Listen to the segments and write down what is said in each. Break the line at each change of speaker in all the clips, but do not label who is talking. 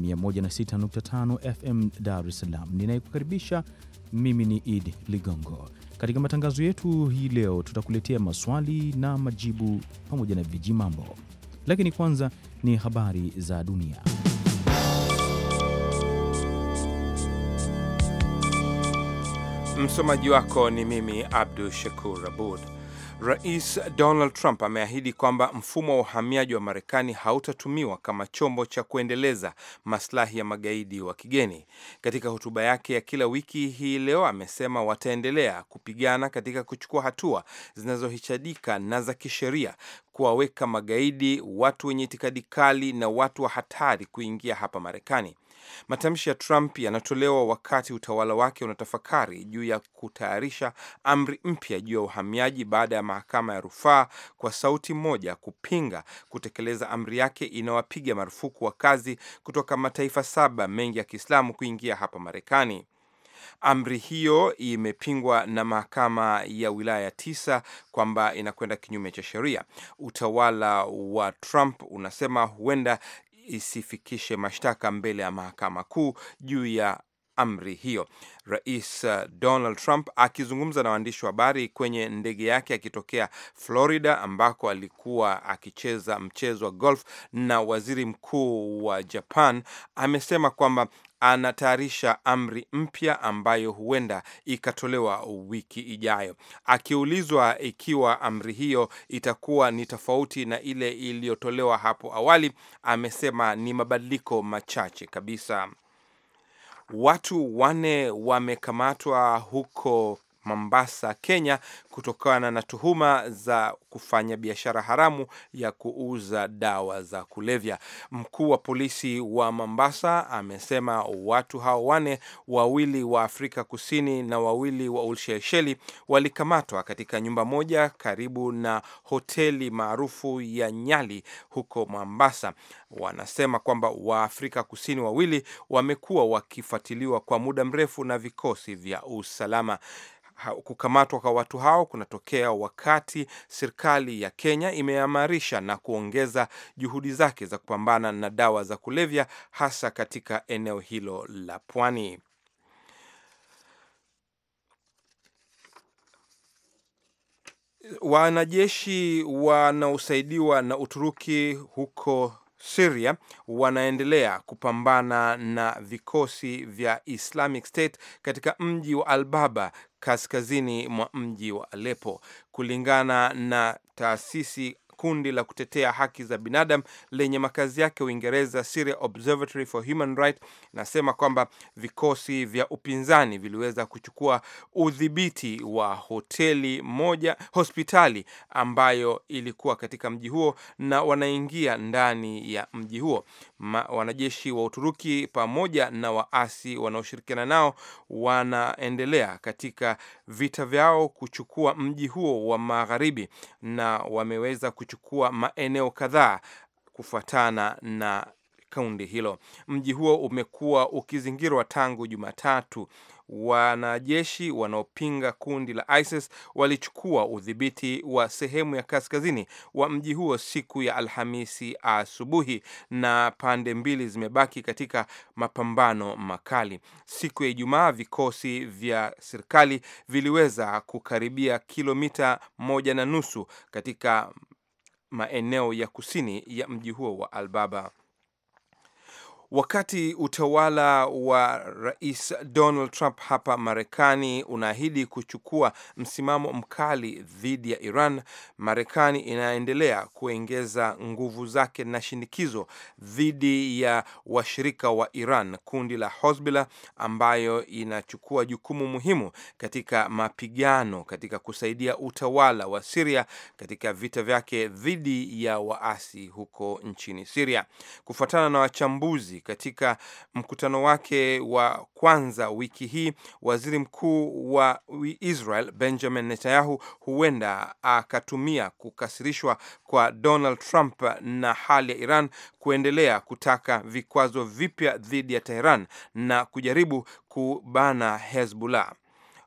106.5 FM Dar es Salaam. Ninayekukaribisha mimi ni Idi Ligongo. Katika matangazo yetu hii leo tutakuletea maswali na majibu pamoja na viji mambo lakini kwanza ni habari za dunia.
Msomaji wako ni mimi Abdu Shakur Abud. Rais Donald Trump ameahidi kwamba mfumo wa uhamiaji wa Marekani hautatumiwa kama chombo cha kuendeleza maslahi ya magaidi wa kigeni. Katika hotuba yake ya kila wiki hii leo, amesema wataendelea kupigana katika kuchukua hatua zinazohitajika na za kisheria kuwaweka magaidi, watu wenye itikadi kali na watu wa hatari kuingia hapa Marekani. Matamshi ya Trump yanatolewa wakati utawala wake unatafakari juu ya kutayarisha amri mpya juu ya uhamiaji baada ya mahakama ya rufaa kwa sauti moja kupinga kutekeleza amri yake inayowapiga marufuku wa kazi kutoka mataifa saba mengi ya Kiislamu kuingia hapa Marekani. Amri hiyo imepingwa na mahakama ya wilaya tisa kwamba inakwenda kinyume cha sheria. Utawala wa Trump unasema huenda isifikishe mashtaka mbele ya mahakama kuu juu ya amri hiyo. Rais uh, Donald Trump akizungumza na waandishi wa habari kwenye ndege yake akitokea Florida ambako alikuwa akicheza mchezo wa golf na waziri mkuu wa Japan, amesema kwamba anatayarisha amri mpya ambayo huenda ikatolewa wiki ijayo. Akiulizwa ikiwa amri hiyo itakuwa ni tofauti na ile iliyotolewa hapo awali, amesema ni mabadiliko machache kabisa. Watu wanne wamekamatwa huko Mombasa, Kenya, kutokana na tuhuma za kufanya biashara haramu ya kuuza dawa za kulevya. Mkuu wa polisi wa Mombasa amesema watu hao wane, wawili wa Afrika Kusini na wawili wa ulshesheli walikamatwa katika nyumba moja karibu na hoteli maarufu ya Nyali huko Mombasa. Wanasema kwamba Waafrika Kusini wawili wamekuwa wakifuatiliwa kwa muda mrefu na vikosi vya usalama. Kukamatwa kwa watu hao kunatokea wakati serikali ya Kenya imeamarisha na kuongeza juhudi zake za kupambana na dawa za kulevya hasa katika eneo hilo la pwani. Wanajeshi wanaosaidiwa na Uturuki huko Syria wanaendelea kupambana na vikosi vya Islamic State katika mji wa Al-Baba kaskazini mwa mji wa Aleppo kulingana na taasisi kundi la kutetea haki za binadamu lenye makazi yake Uingereza, Syria Observatory for Human Rights nasema kwamba vikosi vya upinzani viliweza kuchukua udhibiti wa hoteli moja, hospitali ambayo ilikuwa katika mji huo na wanaingia ndani ya mji huo ma, wanajeshi wa Uturuki pamoja na waasi wanaoshirikiana nao wanaendelea katika vita vyao kuchukua mji huo wa magharibi, na wameweza kuchukua maeneo kadhaa kufuatana na kundi hilo. Mji huo umekuwa ukizingirwa tangu Jumatatu wanajeshi wanaopinga kundi la ISIS walichukua udhibiti wa sehemu ya kaskazini wa mji huo siku ya Alhamisi asubuhi, na pande mbili zimebaki katika mapambano makali. Siku ya Ijumaa, vikosi vya serikali viliweza kukaribia kilomita moja na nusu katika maeneo ya kusini ya mji huo wa Albaba. Wakati utawala wa Rais Donald Trump hapa Marekani unaahidi kuchukua msimamo mkali dhidi ya Iran, Marekani inaendelea kuongeza nguvu zake na shinikizo dhidi ya washirika wa Iran, kundi la Hezbollah ambayo inachukua jukumu muhimu katika mapigano katika kusaidia utawala wa Siria katika vita vyake dhidi ya waasi huko nchini Siria. Kufuatana na wachambuzi mageuzi. Katika mkutano wake wa kwanza wiki hii, waziri mkuu wa Israel Benjamin Netanyahu huenda akatumia kukasirishwa kwa Donald Trump na hali ya Iran kuendelea kutaka vikwazo vipya dhidi ya Teheran na kujaribu kubana Hezbollah.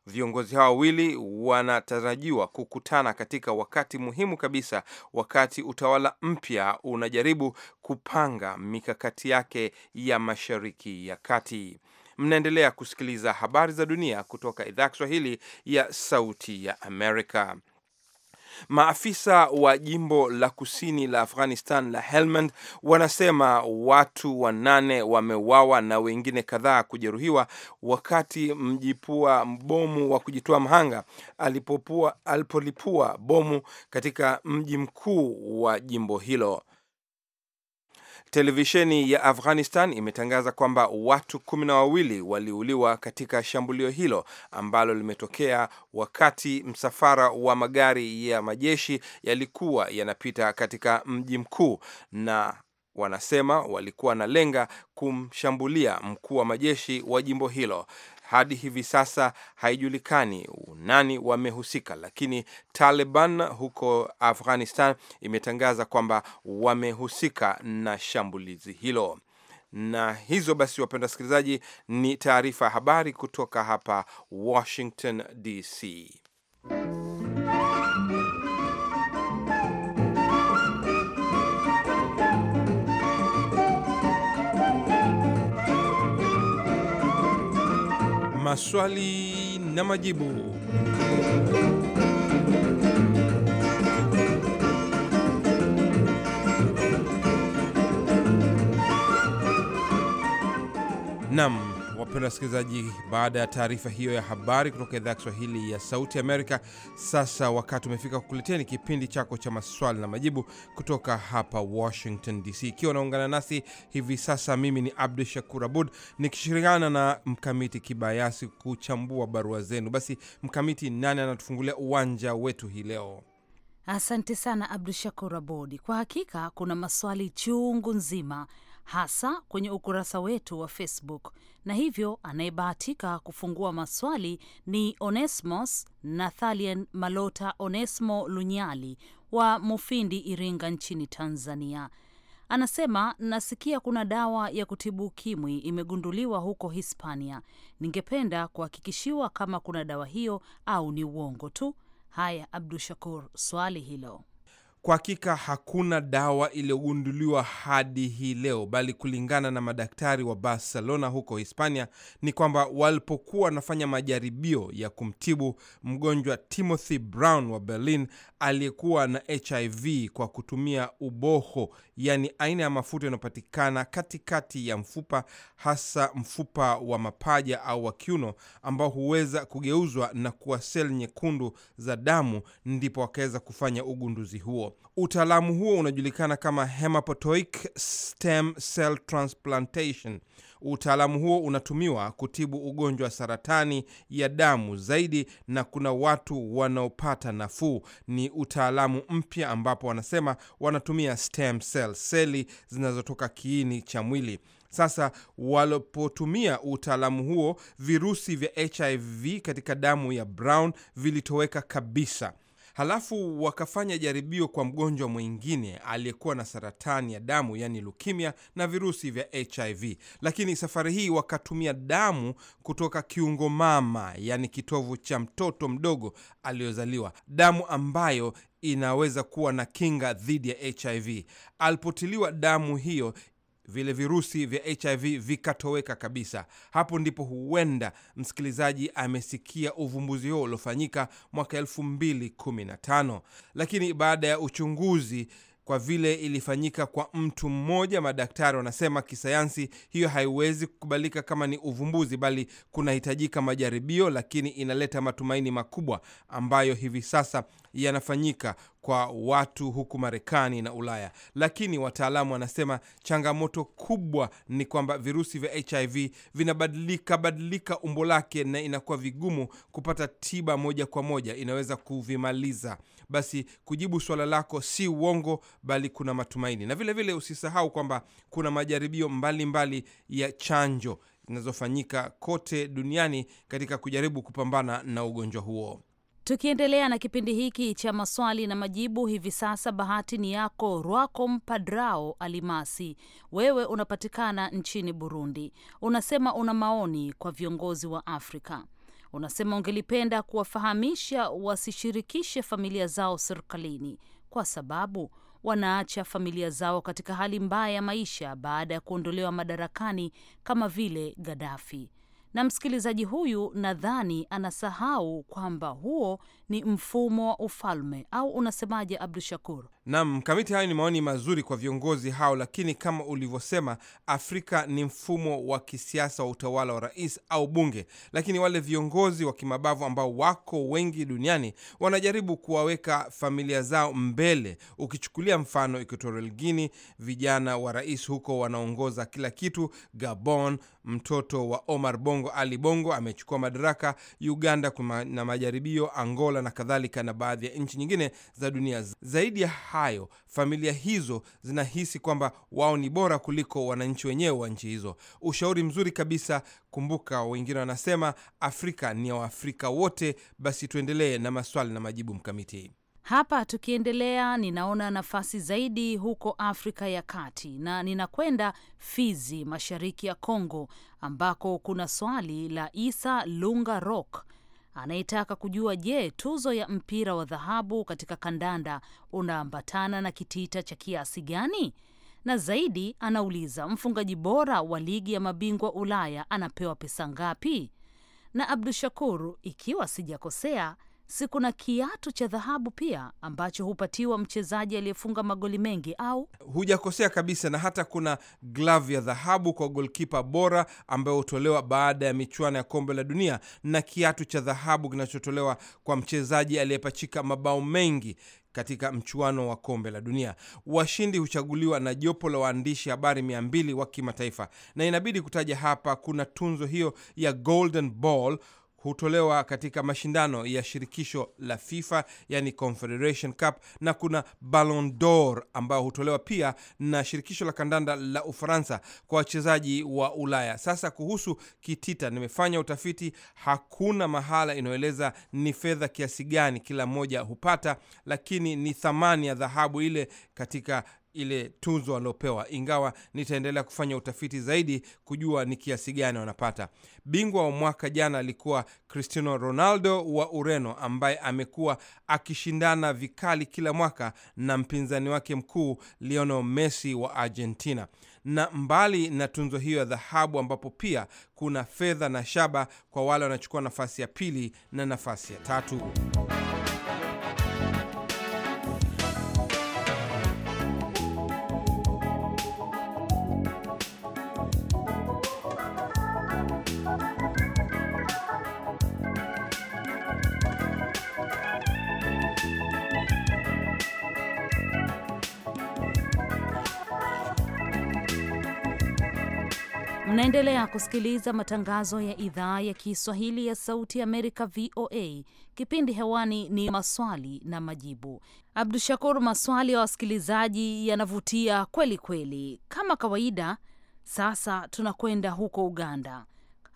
Viongozi hao wawili wanatarajiwa kukutana katika wakati muhimu kabisa, wakati utawala mpya unajaribu kupanga mikakati yake ya Mashariki ya Kati. Mnaendelea kusikiliza habari za dunia kutoka idhaa ya Kiswahili ya Sauti ya Amerika. Maafisa wa jimbo la kusini la Afghanistan la Helmand wanasema watu wanane wameuawa na wengine kadhaa kujeruhiwa wakati mjipua bomu wa kujitoa mhanga alipolipua bomu katika mji mkuu wa jimbo hilo. Televisheni ya Afghanistan imetangaza kwamba watu kumi na wawili waliuliwa katika shambulio hilo ambalo limetokea wakati msafara wa magari ya majeshi yalikuwa yanapita katika mji mkuu, na wanasema walikuwa na lenga kumshambulia mkuu wa majeshi wa jimbo hilo hadi hivi sasa haijulikani nani wamehusika, lakini Taliban huko Afghanistan imetangaza kwamba wamehusika na shambulizi hilo. Na hizo basi, wapenda wasikilizaji, ni taarifa ya habari kutoka hapa Washington DC. maswali na majibu. Nam Wapenda wasikilizaji, baada ya taarifa hiyo ya habari kutoka idhaa ya Kiswahili ya Sauti Amerika, sasa wakati umefika ni kipindi chako cha maswali na majibu kutoka hapa Washington DC. Ikiwa unaungana nasi hivi sasa, mimi ni Abdu Shakur Abud nikishirikiana na Mkamiti Kibayasi kuchambua barua zenu. Basi Mkamiti, nani anatufungulia uwanja wetu hii leo?
Asante sana Abdu Shakur Abud. Kwa hakika kuna maswali chungu nzima hasa kwenye ukurasa wetu wa Facebook, na hivyo anayebahatika kufungua maswali ni Onesmos Nathalian Malota Onesmo Lunyali wa Mufindi, Iringa nchini Tanzania. Anasema nasikia kuna dawa ya kutibu ukimwi imegunduliwa huko Hispania. Ningependa kuhakikishiwa kama kuna dawa hiyo au ni uongo tu. Haya, Abdu Shakur, swali hilo
kwa hakika hakuna dawa iliyogunduliwa hadi hii leo, bali kulingana na madaktari wa Barcelona huko Hispania ni kwamba walipokuwa wanafanya majaribio ya kumtibu mgonjwa Timothy Brown wa Berlin aliyekuwa na HIV kwa kutumia uboho, yaani aina ya mafuta yanayopatikana katikati ya mfupa, hasa mfupa wa mapaja au wa kiuno, ambao huweza kugeuzwa na kuwa seli nyekundu za damu, ndipo wakaweza kufanya ugunduzi huo. Utaalamu huo unajulikana kama hematopoietic stem cell transplantation. Utaalamu huo unatumiwa kutibu ugonjwa wa saratani ya damu zaidi, na kuna watu wanaopata nafuu. Ni utaalamu mpya ambapo wanasema wanatumia stem cell, seli zinazotoka kiini cha mwili. Sasa walipotumia utaalamu huo, virusi vya HIV katika damu ya Brown vilitoweka kabisa halafu wakafanya jaribio kwa mgonjwa mwingine aliyekuwa na saratani ya damu, yani lukimia na virusi vya HIV, lakini safari hii wakatumia damu kutoka kiungo mama, yani kitovu cha mtoto mdogo aliyozaliwa, damu ambayo inaweza kuwa na kinga dhidi ya HIV. Alipotiliwa damu hiyo vile virusi vya HIV vikatoweka kabisa. Hapo ndipo huenda msikilizaji amesikia uvumbuzi huo uliofanyika mwaka 2015, lakini baada ya uchunguzi kwa vile ilifanyika kwa mtu mmoja. Madaktari wanasema kisayansi hiyo haiwezi kukubalika kama ni uvumbuzi, bali kunahitajika majaribio, lakini inaleta matumaini makubwa ambayo hivi sasa yanafanyika kwa watu huku Marekani na Ulaya. Lakini wataalamu wanasema changamoto kubwa ni kwamba virusi vya HIV vinabadilika badilika umbo lake na inakuwa vigumu kupata tiba moja kwa moja inaweza kuvimaliza basi kujibu swala lako si uongo, bali kuna matumaini. Na vile vile usisahau kwamba kuna majaribio mbalimbali mbali ya chanjo zinazofanyika kote duniani katika kujaribu kupambana na ugonjwa huo.
Tukiendelea na kipindi hiki cha maswali na majibu, hivi sasa bahati ni yako. Rwakom Padrao Alimasi, wewe unapatikana nchini Burundi, unasema una maoni kwa viongozi wa Afrika. Unasema ungelipenda kuwafahamisha wasishirikishe familia zao serikalini kwa sababu wanaacha familia zao katika hali mbaya ya maisha baada ya kuondolewa madarakani kama vile Gaddafi. Na msikilizaji huyu nadhani anasahau kwamba huo ni mfumo wa ufalme au unasemaje, Abdu Shakur?
Naam, Kamiti, hayo ni maoni mazuri kwa viongozi hao, lakini kama ulivyosema, Afrika ni mfumo wa kisiasa wa utawala wa rais au bunge, lakini wale viongozi wa kimabavu ambao wako wengi duniani wanajaribu kuwaweka familia zao mbele. Ukichukulia mfano Equatorial Guinea, vijana wa rais huko wanaongoza kila kitu. Gabon, mtoto wa Omar Bongo, Ali Bongo, amechukua madaraka. Uganda kuna na majaribio, Angola Angola na kadhalika na baadhi ya nchi nyingine za dunia. Zaidi ya hayo, familia hizo zinahisi kwamba wao ni bora kuliko wananchi wenyewe wa nchi hizo. Ushauri mzuri kabisa. Kumbuka wengine wanasema Afrika ni ya Waafrika wote. Basi tuendelee na maswali na majibu mkamiti.
Hapa tukiendelea, ninaona nafasi zaidi huko Afrika ya Kati na ninakwenda Fizi, mashariki ya Kongo, ambako kuna swali la Isa Lunga Rock anayetaka kujua, je, tuzo ya mpira wa dhahabu katika kandanda unaambatana na kitita cha kiasi gani? Na zaidi anauliza mfungaji bora wa ligi ya mabingwa Ulaya anapewa pesa ngapi? Na Abdu Shakur, ikiwa sijakosea, si kuna kiatu cha dhahabu pia ambacho hupatiwa mchezaji aliyefunga magoli mengi? Au
hujakosea kabisa. Na hata kuna glavu ya dhahabu kwa golkipa bora ambayo hutolewa baada ya michuano ya kombe la dunia, na kiatu cha dhahabu kinachotolewa kwa mchezaji aliyepachika mabao mengi katika mchuano wa kombe la dunia. Washindi huchaguliwa na jopo la waandishi habari mia mbili wa kimataifa, na inabidi kutaja hapa, kuna tunzo hiyo ya Golden Ball hutolewa katika mashindano ya shirikisho la FIFA yani Confederation Cup, na kuna Ballon d'Or ambayo hutolewa pia na shirikisho la kandanda la Ufaransa kwa wachezaji wa Ulaya. Sasa kuhusu kitita, nimefanya utafiti, hakuna mahala inayoeleza ni fedha kiasi gani kila mmoja hupata, lakini ni thamani ya dhahabu ile katika ile tuzo waliopewa, ingawa nitaendelea kufanya utafiti zaidi kujua ni kiasi gani wanapata. Bingwa wa mwaka jana alikuwa Cristiano Ronaldo wa Ureno, ambaye amekuwa akishindana vikali kila mwaka na mpinzani wake mkuu Lionel Messi wa Argentina. Na mbali na tunzo hiyo ya dhahabu, ambapo pia kuna fedha na shaba kwa wale wanachukua nafasi ya pili na nafasi ya tatu.
Unaendelea kusikiliza matangazo ya idhaa ya Kiswahili ya Sauti Amerika, VOA. Kipindi hewani ni maswali na majibu. Abdu Shakur, maswali ya wasikilizaji yanavutia kweli kweli, kama kawaida. Sasa tunakwenda huko Uganda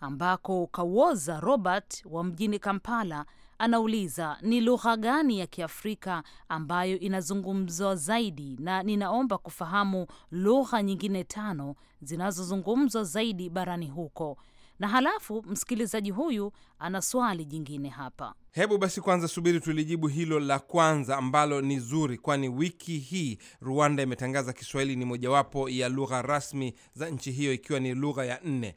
ambako Kawoza Robert wa mjini Kampala anauliza ni lugha gani ya Kiafrika ambayo inazungumzwa zaidi, na ninaomba kufahamu lugha nyingine tano zinazozungumzwa zaidi barani huko. Na halafu msikilizaji huyu ana swali jingine hapa.
Hebu basi kwanza subiri tulijibu hilo la kwanza ambalo ni zuri, kwani wiki hii Rwanda imetangaza Kiswahili ni mojawapo ya lugha rasmi za nchi hiyo, ikiwa ni lugha ya nne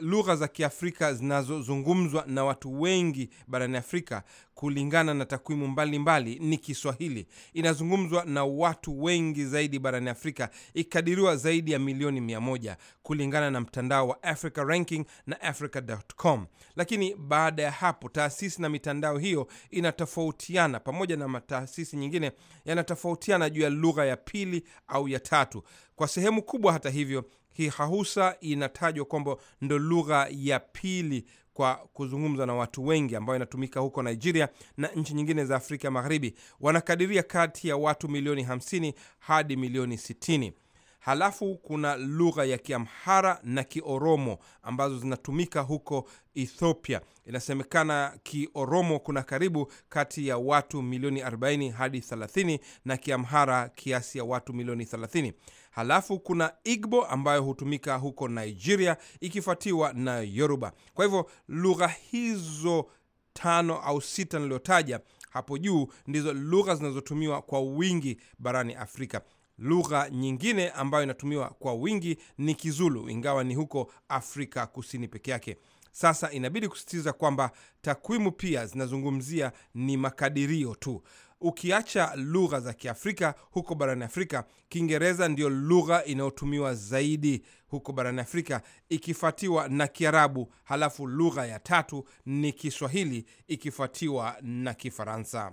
lugha za Kiafrika zinazozungumzwa na watu wengi barani Afrika. Kulingana na takwimu mbalimbali, ni Kiswahili inazungumzwa na watu wengi zaidi barani Afrika, ikikadiriwa zaidi ya milioni mia moja kulingana na mtandao wa Africa Ranking na Africa.com. Lakini baada ya hapo taasisi na mitandao maeneo hiyo inatofautiana, pamoja na mataasisi nyingine yanatofautiana juu ya lugha ya pili au ya tatu kwa sehemu kubwa. Hata hivyo, Kihahusa inatajwa kwamba ndo lugha ya pili kwa kuzungumza na watu wengi ambayo inatumika huko Nigeria na nchi nyingine za Afrika Magharibi. Wanakadiria kati ya watu milioni 50 hadi milioni 60. Halafu kuna lugha ya Kiamhara na Kioromo ambazo zinatumika huko Ethiopia. Inasemekana Kioromo kuna karibu kati ya watu milioni 40 hadi 30 na Kiamhara kiasi ya watu milioni 30. Halafu kuna Igbo ambayo hutumika huko Nigeria ikifuatiwa na Yoruba. Kwa hivyo lugha hizo tano au sita niliyotaja hapo juu ndizo lugha zinazotumiwa kwa wingi barani Afrika. Lugha nyingine ambayo inatumiwa kwa wingi ni Kizulu, ingawa ni huko Afrika Kusini peke yake. Sasa inabidi kusisitiza kwamba takwimu pia zinazungumzia ni makadirio tu. Ukiacha lugha za Kiafrika huko barani Afrika, Kiingereza ndiyo lugha inayotumiwa zaidi huko barani Afrika, ikifuatiwa na Kiarabu, halafu lugha ya tatu ni Kiswahili, ikifuatiwa na Kifaransa.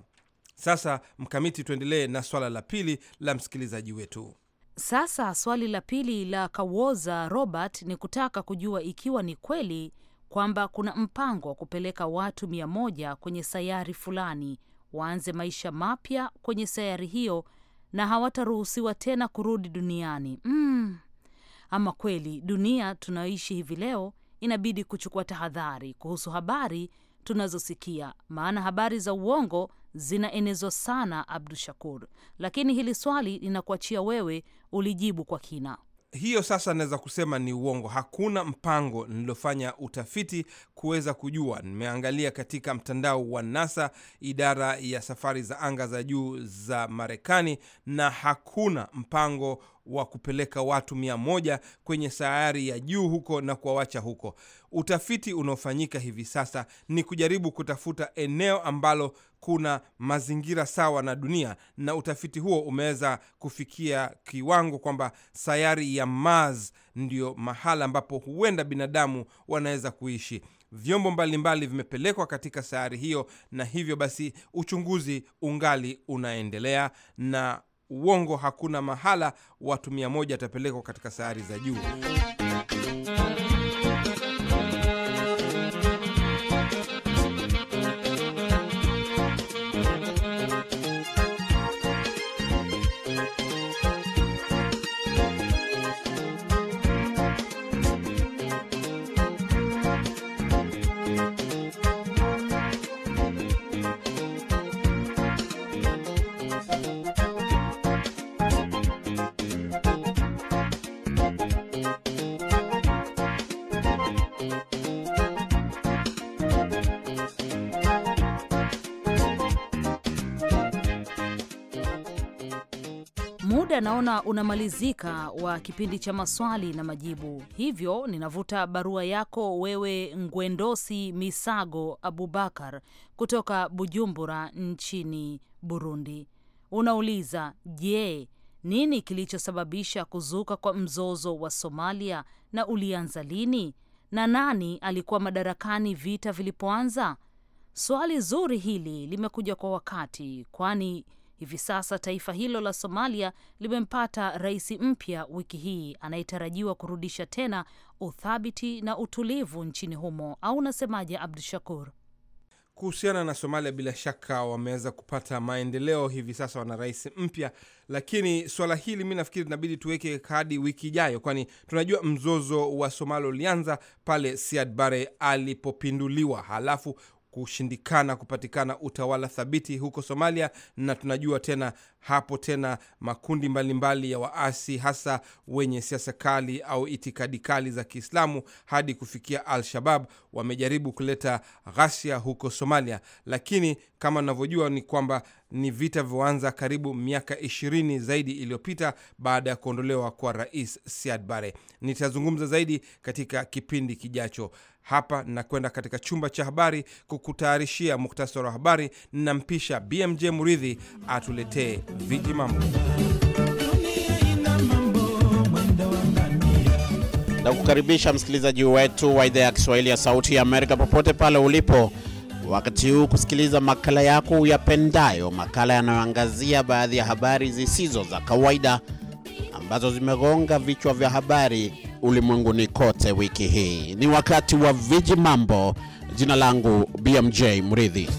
Sasa Mkamiti, tuendelee na swala la pili la msikilizaji wetu.
Sasa swali la pili la Kawoza Robert ni kutaka kujua ikiwa ni kweli kwamba kuna mpango wa kupeleka watu mia moja kwenye sayari fulani waanze maisha mapya kwenye sayari hiyo na hawataruhusiwa tena kurudi duniani. Mm. Ama kweli dunia tunayoishi hivi leo inabidi kuchukua tahadhari kuhusu habari tunazosikia, maana habari za uongo zinaenezwa sana, Abdu Shakur. Lakini hili swali linakuachia wewe ulijibu kwa kina
hiyo sasa naweza kusema ni uongo. Hakuna mpango nilofanya utafiti kuweza kujua. Nimeangalia katika mtandao wa NASA, idara ya safari za anga za juu za Marekani, na hakuna mpango wa kupeleka watu mia moja kwenye sayari ya juu huko na kuwawacha huko. Utafiti unaofanyika hivi sasa ni kujaribu kutafuta eneo ambalo kuna mazingira sawa na dunia, na utafiti huo umeweza kufikia kiwango kwamba sayari ya Mars ndio mahala ambapo huenda binadamu wanaweza kuishi. Vyombo mbalimbali vimepelekwa katika sayari hiyo, na hivyo basi uchunguzi ungali unaendelea, na uongo hakuna mahala watu mia moja watapelekwa katika sayari za juu.
muda naona unamalizika wa kipindi cha maswali na majibu, hivyo ninavuta barua yako wewe Ngwendosi Misago Abubakar kutoka Bujumbura nchini Burundi. Unauliza, je, nini kilichosababisha kuzuka kwa mzozo wa Somalia na ulianza lini na nani alikuwa madarakani vita vilipoanza? Swali zuri hili limekuja kwa wakati, kwani Hivi sasa taifa hilo la Somalia limempata rais mpya wiki hii anayetarajiwa kurudisha tena uthabiti na utulivu nchini humo, au unasemaje Abdu Shakur?
Kuhusiana na Somalia, bila shaka wameweza kupata maendeleo. Hivi sasa wana rais mpya, lakini swala hili mi nafikiri inabidi tuweke hadi wiki ijayo, kwani tunajua mzozo wa Somalia ulianza pale Siad Barre alipopinduliwa, halafu kushindikana kupatikana utawala thabiti huko Somalia, na tunajua tena hapo tena makundi mbalimbali mbali ya waasi hasa wenye siasa kali au itikadi kali za Kiislamu hadi kufikia Al-Shabab wamejaribu kuleta ghasia huko Somalia, lakini kama navyojua ni kwamba ni vita vyoanza karibu miaka ishirini zaidi iliyopita baada ya kuondolewa kwa Rais Siad Barre. Nitazungumza zaidi katika kipindi kijacho. Hapa nakwenda katika chumba cha habari kukutayarishia muktasari wa habari, nampisha BMJ Muridhi atuletee viji mambo
na kukaribisha msikilizaji wetu wa idhaa ya Kiswahili ya Sauti ya Amerika popote pale ulipo, wakati huu kusikiliza makala yako uyapendayo, makala yanayoangazia baadhi ya habari zisizo za kawaida ambazo zimegonga vichwa vya habari ulimwenguni kote wiki hii. Ni wakati wa viji mambo. Jina langu BMJ Mridhi.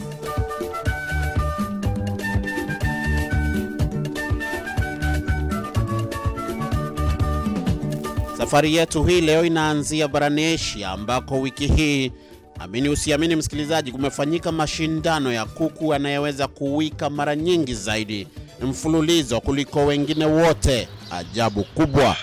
Safari yetu hii leo inaanzia barani Asia ambako wiki hii, amini usiamini, msikilizaji, kumefanyika mashindano ya kuku anayeweza kuwika mara nyingi zaidi mfululizo kuliko wengine wote. Ajabu kubwa!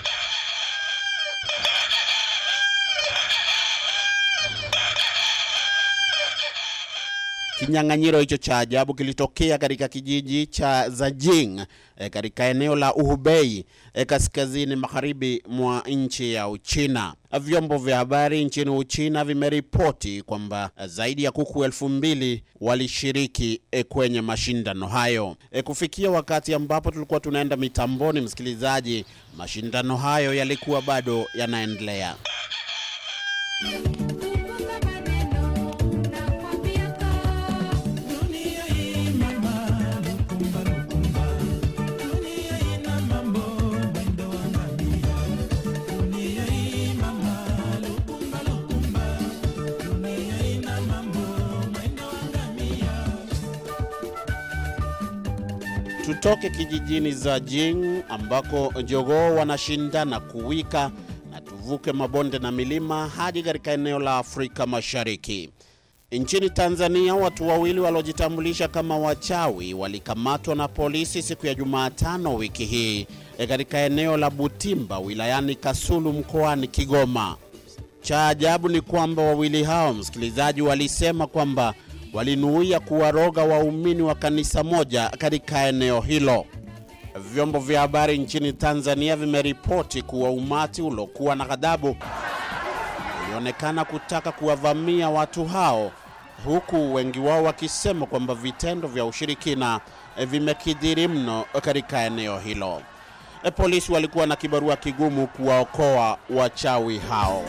Kinyang'anyiro hicho cha ajabu kilitokea katika kijiji cha Zajing e, katika eneo la Uhubei e, eh, kaskazini magharibi mwa nchi ya Uchina. Vyombo vya habari nchini Uchina vimeripoti kwamba eh, zaidi ya kuku elfu mbili walishiriki e, kwenye mashindano hayo. E, kufikia wakati ambapo tulikuwa tunaenda mitamboni, msikilizaji, mashindano hayo yalikuwa bado yanaendelea. Tutoke kijijini za jing ambako jogoo wanashindana kuwika na tuvuke mabonde na milima hadi katika eneo la Afrika Mashariki. Nchini Tanzania, watu wawili waliojitambulisha kama wachawi walikamatwa na polisi siku ya Jumatano wiki hii e, katika eneo la Butimba wilayani Kasulu mkoani Kigoma. Cha ajabu ni kwamba wawili hao, msikilizaji, walisema kwamba walinuia kuwaroga waumini wa kanisa moja katika eneo hilo. Vyombo vya habari nchini Tanzania vimeripoti kuwa umati uliokuwa na ghadhabu ulionekana kutaka kuwavamia watu hao, huku wengi wao wakisema kwamba vitendo vya ushirikina e, vimekidhiri mno katika eneo hilo. E, polisi walikuwa na kibarua kigumu kuwaokoa wachawi hao.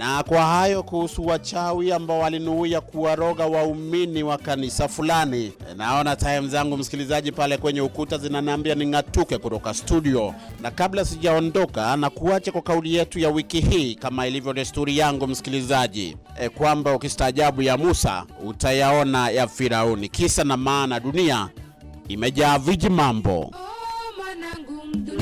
Na kwa hayo kuhusu wachawi ambao walinuia kuwaroga waumini wa kanisa fulani. Naona time zangu msikilizaji pale kwenye ukuta zinaniambia ning'atuke kutoka studio, na kabla sijaondoka na kuacha kwa kauli yetu ya wiki hii kama ilivyo desturi yangu msikilizaji, e, kwamba ukistaajabu ya Musa utayaona ya Firauni. Kisa na maana dunia imejaa viji mambo.
Oh,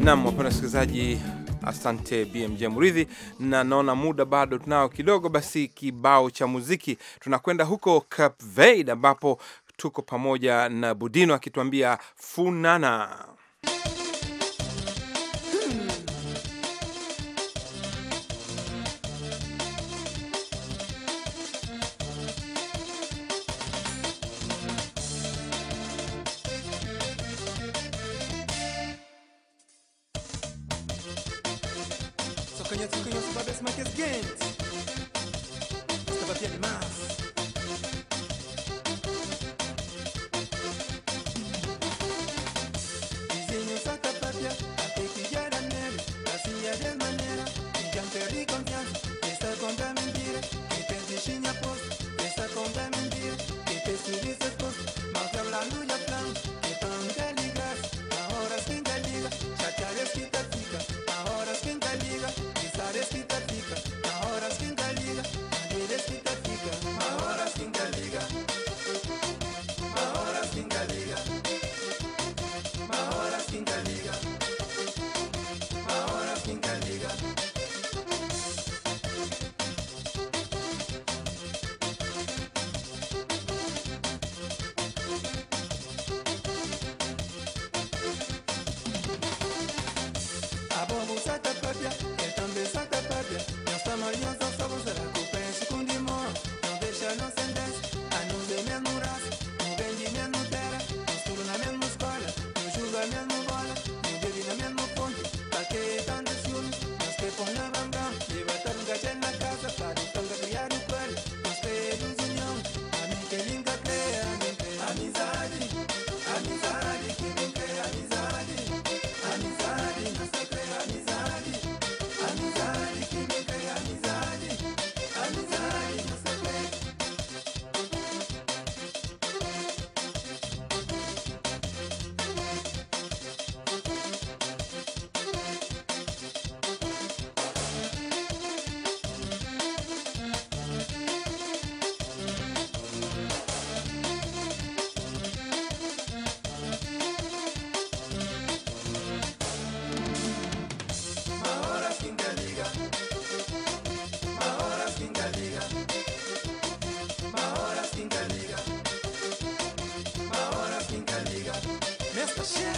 Naam, wapenda wasikilizaji, asante BMJ Muridhi, na naona muda bado tunao kidogo, basi kibao cha muziki tunakwenda huko Cape Verde ambapo tuko pamoja na Budino akituambia funana
koniec koniec wobec makies s gięć Stawa p i e mas Yes.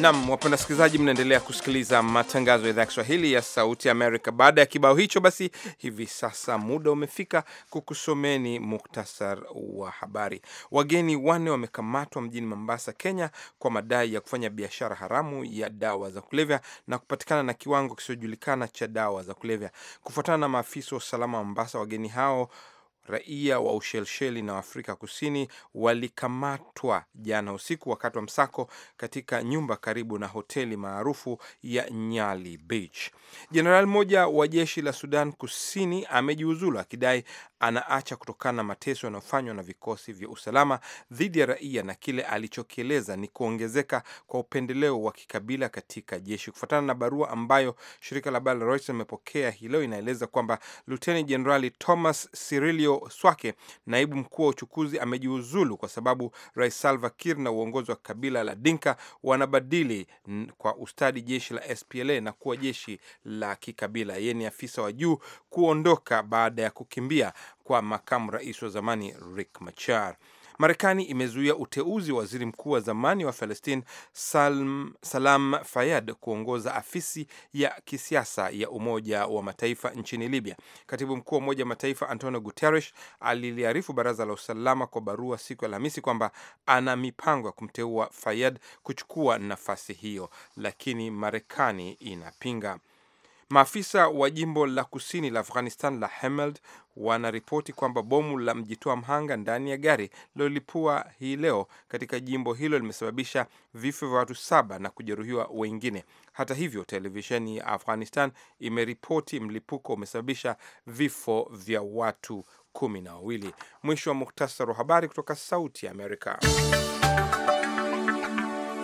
Nam, wapenda wasikilizaji, mnaendelea kusikiliza matangazo ya idhaa ya Kiswahili ya Sauti Amerika. Baada ya kibao hicho, basi hivi sasa muda umefika kukusomeni muktasar wa habari. Wageni wanne wamekamatwa mjini Mombasa, Kenya, kwa madai ya kufanya biashara haramu ya dawa za kulevya na kupatikana na kiwango kisichojulikana cha dawa za kulevya. Kufuatana na maafisa wa usalama wa Mombasa, wageni hao raia wa Ushelsheli na Afrika Kusini walikamatwa jana usiku wakati wa msako katika nyumba karibu na hoteli maarufu ya Nyali Beach. Jenerali mmoja wa jeshi la Sudan Kusini amejiuzulu akidai anaacha kutokana na mateso yanayofanywa na vikosi vya usalama dhidi ya raia na kile alichokieleza ni kuongezeka kwa upendeleo wa kikabila katika jeshi. Kufuatana na barua ambayo shirika la habari la Reuters limepokea hii leo, inaeleza kwamba Luteni Jenerali Thomas Cirilio Swake, naibu mkuu wa uchukuzi amejiuzulu kwa sababu Rais Salva Kiir na uongozi wa kabila la Dinka wanabadili kwa ustadi jeshi la SPLA na kuwa jeshi la kikabila. Yeye ni afisa wa juu kuondoka baada ya kukimbia kwa makamu rais wa zamani rick Machar. Marekani imezuia uteuzi wa waziri mkuu wa zamani wa Palestine Salam, Salam Fayad kuongoza afisi ya kisiasa ya Umoja wa Mataifa nchini Libya. Katibu mkuu wa Umoja wa Mataifa Antonio Guterres aliliarifu Baraza la Usalama kwa barua siku ya Alhamisi kwamba ana mipango ya kumteua Fayad kuchukua nafasi hiyo, lakini Marekani inapinga. Maafisa wa jimbo la kusini la Afghanistan la Hemeld wanaripoti kwamba bomu la mjitoa mhanga ndani ya gari lilolipua hii leo katika jimbo hilo limesababisha vifo vya watu saba na kujeruhiwa wengine. Hata hivyo, televisheni ya Afghanistan imeripoti mlipuko umesababisha vifo vya watu kumi na wawili. Mwisho wa muktasari wa habari kutoka Sauti ya Amerika.